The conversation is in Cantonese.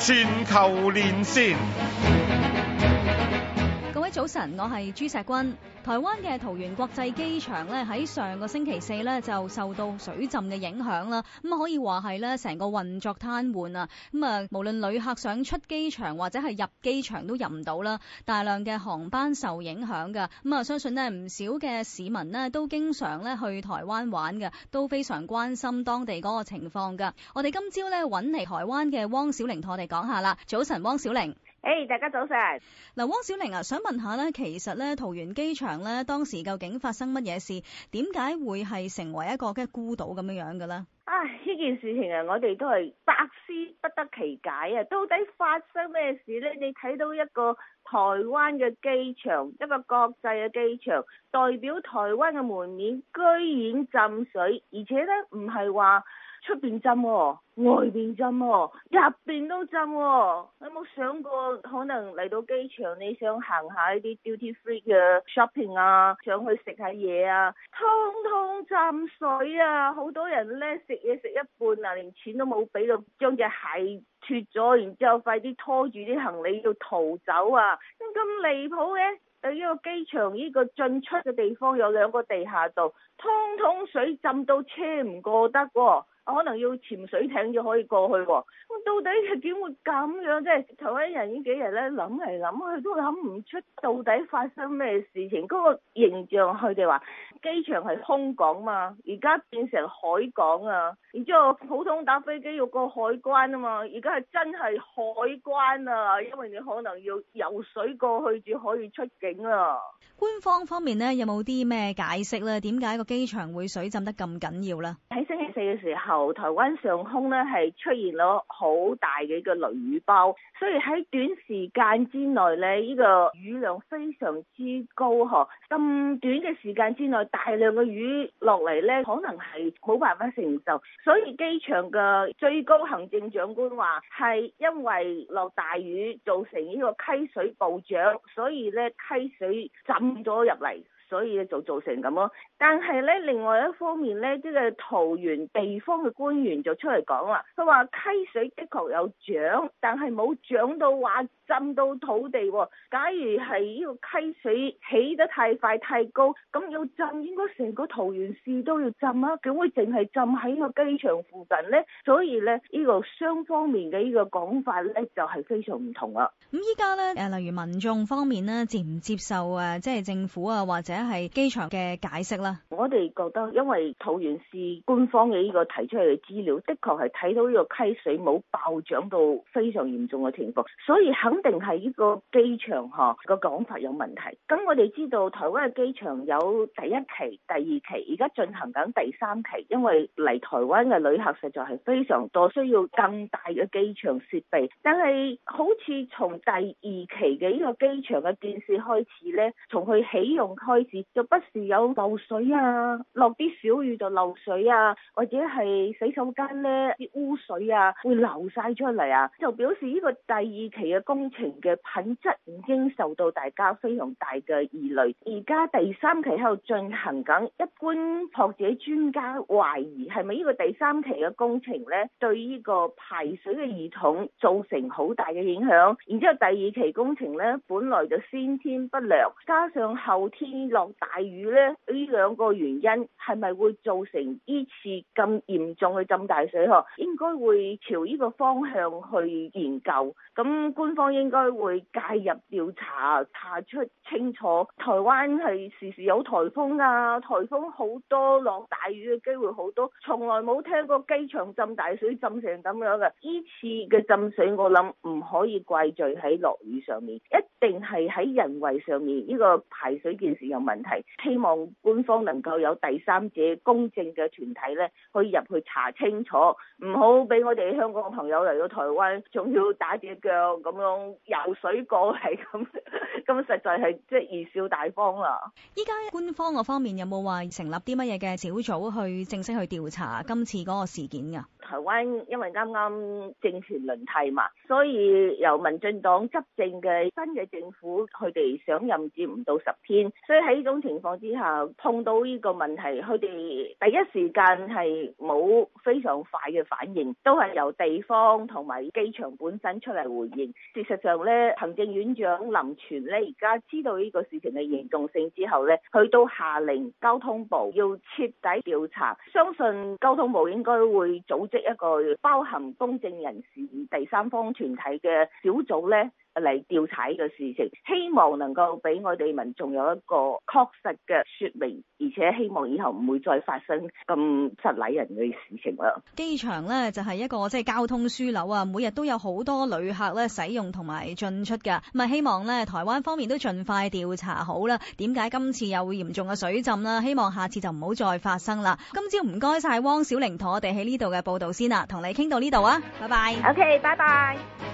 全球連線。早晨，我係朱錫君。台灣嘅桃園國際機場咧喺上個星期四咧就受到水浸嘅影響啦，咁可以話係咧成個運作癱瘓啊，咁啊無論旅客想出機場或者係入機場都入唔到啦，大量嘅航班受影響嘅，咁啊相信咧唔少嘅市民咧都經常咧去台灣玩嘅，都非常關心當地嗰個情況噶。我哋今朝咧揾嚟台灣嘅汪小玲同我哋講下啦。早晨，汪小玲。誒，hey，大家早晨。嗱，汪小玲啊，想問下咧，其實咧，桃園機場咧，當時究竟發生乜嘢事？點解會係成為一個嘅孤島咁樣樣嘅咧？啊，呢件事情啊，我哋都係百思不得其解啊！到底發生咩事咧？你睇到一個台灣嘅機場，一個國際嘅機場，代表台灣嘅門面，居然浸水，而且咧唔係話。出邊浸喎、哦，外邊浸喎、哦，入邊都浸喎、哦。你有冇想過可能嚟到機場，你想行下啲 duty free 嘅 shopping 啊，想去食下嘢啊，通通浸水啊！好多人呢，食嘢食一半啊，連錢都冇俾到，將隻鞋脱咗，然之後快啲拖住啲行李要逃走啊！咁咁離譜嘅，呢、這個機場呢個進出嘅地方有兩個地下道，通通水浸到車唔過得喎、哦。可能要潛水艇就可以過去喎、啊，到底係點會咁樣？即係頭一日呢幾日咧，諗嚟諗去都諗唔出到底發生咩事情。嗰、那個形象佢哋話機場係空港嘛，而家變成海港啊。然之後普通搭飛機要過海關啊嘛，而家係真係海關啊，因為你可能要游水過去至可以出境啊。官方方面咧有冇啲咩解釋咧？點解個機場會水浸得咁緊要咧？四嘅時候，台灣上空咧係出現咗好大嘅一個雷雨包，所以喺短時間之內咧，呢個雨量非常之高嗬，咁短嘅時間之內，大量嘅雨落嚟咧，可能係冇辦法承受，所以機場嘅最高行政長官話係因為落大雨造成呢個溪水暴漲，所以咧溪水浸咗入嚟。所以就造成咁咯。但係咧，另外一方面咧，即係桃園地方嘅官員就出嚟講啦，佢話溪水的確有漲，但係冇漲到話浸到土地喎。假如係呢個溪水起得太快太高，咁要浸應該成個桃園市都要浸啊，點會淨係浸喺個機場附近咧？所以咧，呢個雙方面嘅呢個講法咧就係非常唔同啦。咁依家咧，誒例如民眾方面呢，接唔接受啊？即係政府啊或者？係機場嘅解釋啦，我哋覺得因為桃園市官方嘅呢個提出嚟嘅資料，的確係睇到呢個溪水冇暴漲到非常嚴重嘅情況，所以肯定係呢個機場吓個講法有問題。咁我哋知道台灣嘅機場有第一期、第二期，而家進行緊第三期，因為嚟台灣嘅旅客實在係非常多，需要更大嘅機場設備。但係好似從第二期嘅呢個機場嘅建設開始呢，從佢啟用開始。就不時有漏水啊，落啲小雨就漏水啊，或者係洗手間咧啲污水啊會流晒出嚟啊，就表示呢個第二期嘅工程嘅品質已經受到大家非常大嘅疑慮，而家第三期喺度進行緊，一般學者專家懷疑係咪呢個第三期嘅工程咧對呢個排水嘅系統造成好大嘅影響，然之後第二期工程咧本來就先天不良，加上後天。落大雨呢，呢兩個原因係咪會造成呢次咁嚴重嘅浸大水？嗬，應該會朝呢個方向去研究。咁官方應該會介入調查，查出清楚。台灣係時時有台風啊，台風好多落大雨嘅機會好多，從來冇聽過機場浸大水浸成咁樣嘅。呢次嘅浸水我諗唔可以怪罪喺落雨上面，一定係喺人為上面呢個排水件事又問題，希望官方能夠有第三者公正嘅團體咧，可以入去查清楚，唔好俾我哋香港嘅朋友嚟到台灣，仲要打隻腳咁樣游水過嚟咁，咁實在係即係貽笑大方啦。依家官方嘅方面有冇話成立啲乜嘢嘅小組去正式去調查今次嗰個事件噶？台灣因為啱啱政權輪替嘛，所以由民進黨執政嘅新嘅政府，佢哋上任至唔到十天，所以喺呢種情況之下，碰到呢個問題，佢哋第一時間係冇非常快嘅反應，都係由地方同埋機場本身出嚟回應，事實上咧，行政院長林全咧而家知道呢個事情嘅嚴重性之後咧，去到下令交通部要徹底調查，相信交通部應該會組織一個包含公正人士與第三方團體嘅小組咧，嚟調查呢個事情，希望能夠俾我哋民眾有一個確實嘅説明，而且希望以後唔會再發生咁失禮人嘅事情啦。機場呢就係、是、一個即係、就是、交通樞紐啊，每日都有好多旅客咧使用同埋進出㗎。咪希望咧台灣方面都盡快調查好啦，點解今次又會嚴重嘅水浸啦？希望下次就唔好再發生啦。今朝唔該晒汪小玲同我哋喺呢度嘅報導先啦、啊，同你傾到呢度啊，拜拜。OK，拜拜。